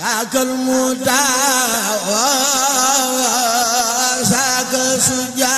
saaka almuta wa saaka sujja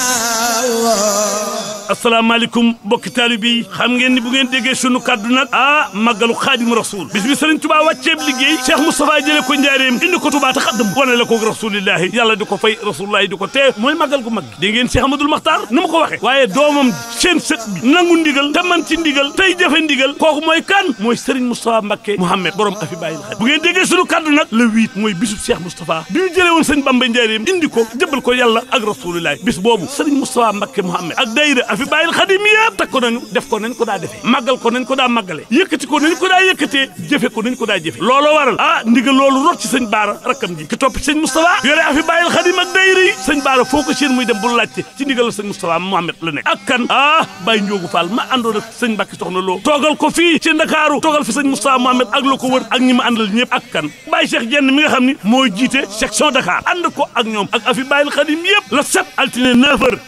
asalaamaaleykum mbokki taalibe yi xam ngeen ni bu ngeen déggee sunu kaddu nag ah màggalu xaadim rasul bis bi sëriñ tubaa wàcceeb liggéey cheikh moustapha jële ko njaareem indi ko tubaa ta xaddam wane la ko rasulillahi yàlla di ko fay rasulullahi di ko tee mooy màggal gu mag gi dégg ngeen cheikh amadul maxtaar na ma ko waxe waaye doomam seen sët bi ndigal te man ci ndigal tey jafe ndigal kooku mooy kan mooy sëriñ moustapha mbakke mouhamed borom afi bàyyil xaj bu ngeen déggee sunu kaddu nag le huit mooy bisub cheikh moustapha bi ñu jële woon sëñ bamba njaareem indi ko jëbal ko yàlla ak rasulillahi bis boobu sëriñ moustapha mbakke mouhamed ak dayra xilaafi bàyyil xadim yëpp takk ko nañu def ko nañ ko daa defee màggal ko nañ ko daa màggale yëkkati ko nañ ko daa yëkkatee jëfe ko nañ ko daa jëfe looloo waral ah ndigal loolu rot ci sëñ baara rakkam ji ki topp ci sëñ Moustapha yore afi bàyyil xadim ak dayri yi sëñ baara foo ko seen muy dem bu laajte ci ndigal sëñ Moustapha Mohamed la nekk ak kan ah Baye Ndiogou ma àndoon ak sëñ Mbàkke soxna loo toogal ko fii ci Ndakaaru toogal fi sëñ Moustapha Mohamed ak la ko wër ak ñi ma àndal ñëpp ak kan Baye Cheikh Jenn mi nga xam ni mooy jiite section Dakar ànd ko ak ñoom ak afi bàyyil xadim yëpp la set altine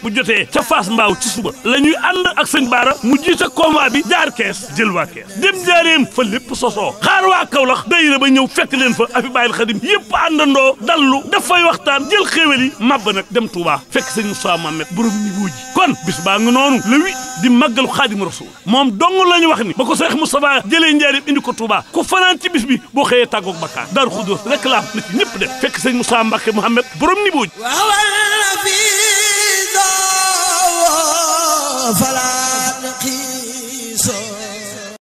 bu jotee ca Fass Mbaaw ci suba la ñuy ànd ak sëñ Baara mu jiite convoi bi jaar kees jël waa kees dem jaareem fa lépp sosoo xaar waa Kaolack dayra ba ñëw fekk leen fa afi bàyyil xadim yëpp àndandoo dallu dafay waxtaan jël xéwal yi màbba nag dem Touba fekk sëñ Moussa Mamet borom niveau ji kon bis baa nga noonu le huit di màggalu xaadim rasul moom dong la ñu wax ni ba ko mu Moustapha jëlee njaareem indi ko Touba ko fanaan ci bis bi boo xëyee tàggoog bakkaar dar xudóos réclame na ci ñëpp def fekk sëñ Moussa Mbacke Mouhamed borom niveau ji